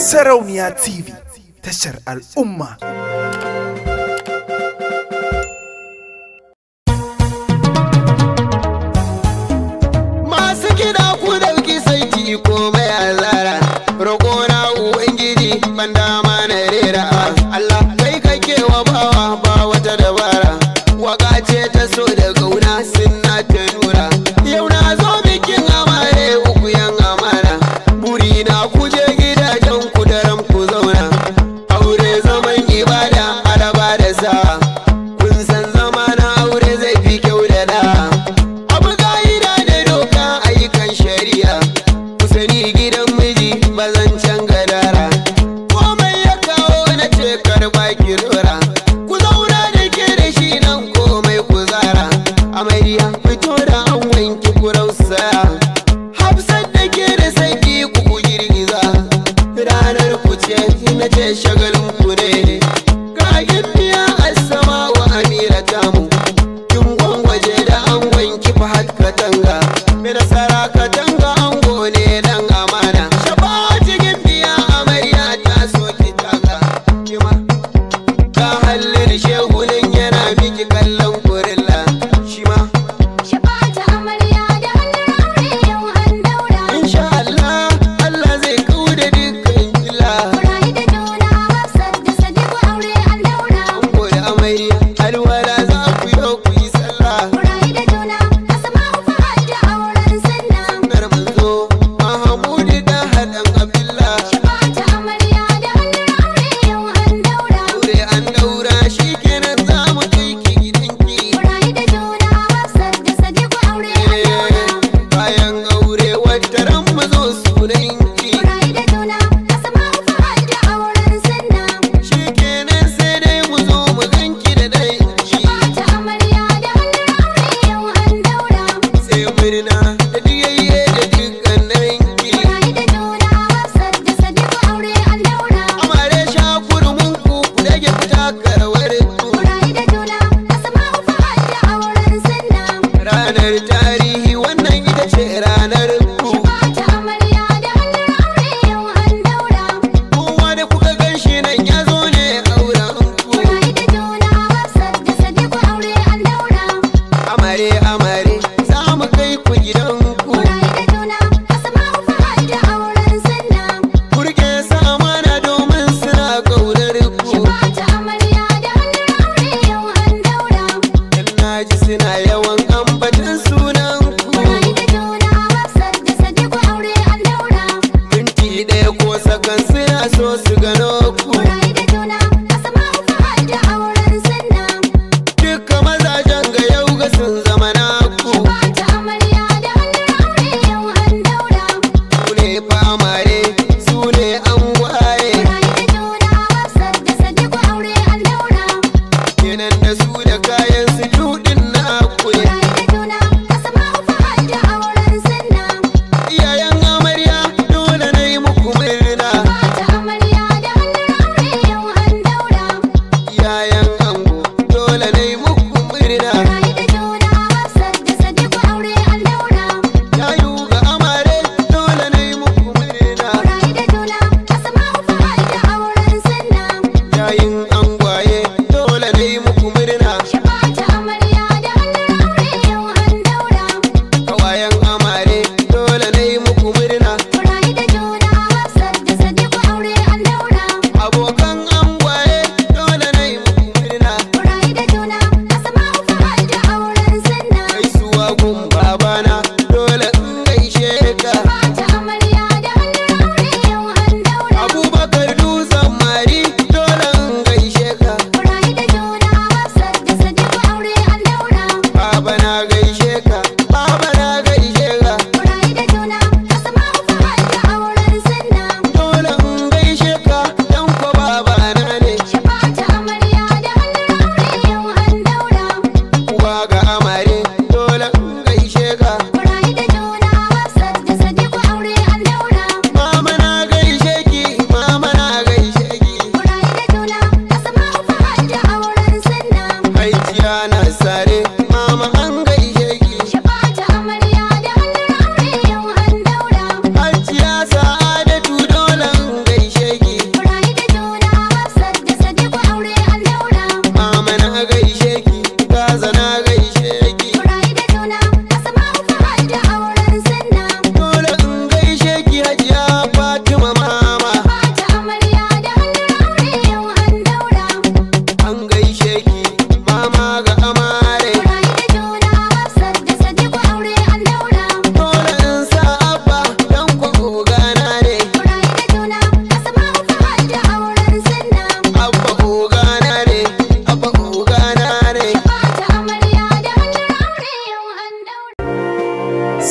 Sarauniya TV tashar al'umma. Masu gida ku dauki saiti komai a zara, roƙo na Ubangiji ban dama na rera Allah kai kake wa bawa ba wata dabara, waka ce ta so da gauna sun ni gidan miji bazan can gadara komai ya kawo na ce karba ki ku zauna da ke da shi nan komai ku zara amarya fito da an wanki ku rausa hafsat da ke da sanki ku girgiza ranar ku ce na ce shagalin ku ne murna da diyayye da dukkanin ki da juna hafsat da sadiq aure a daura amare shakuru mun ku da ke fita karwar ku da juna asma'u fa'al da auren sunna ranar da.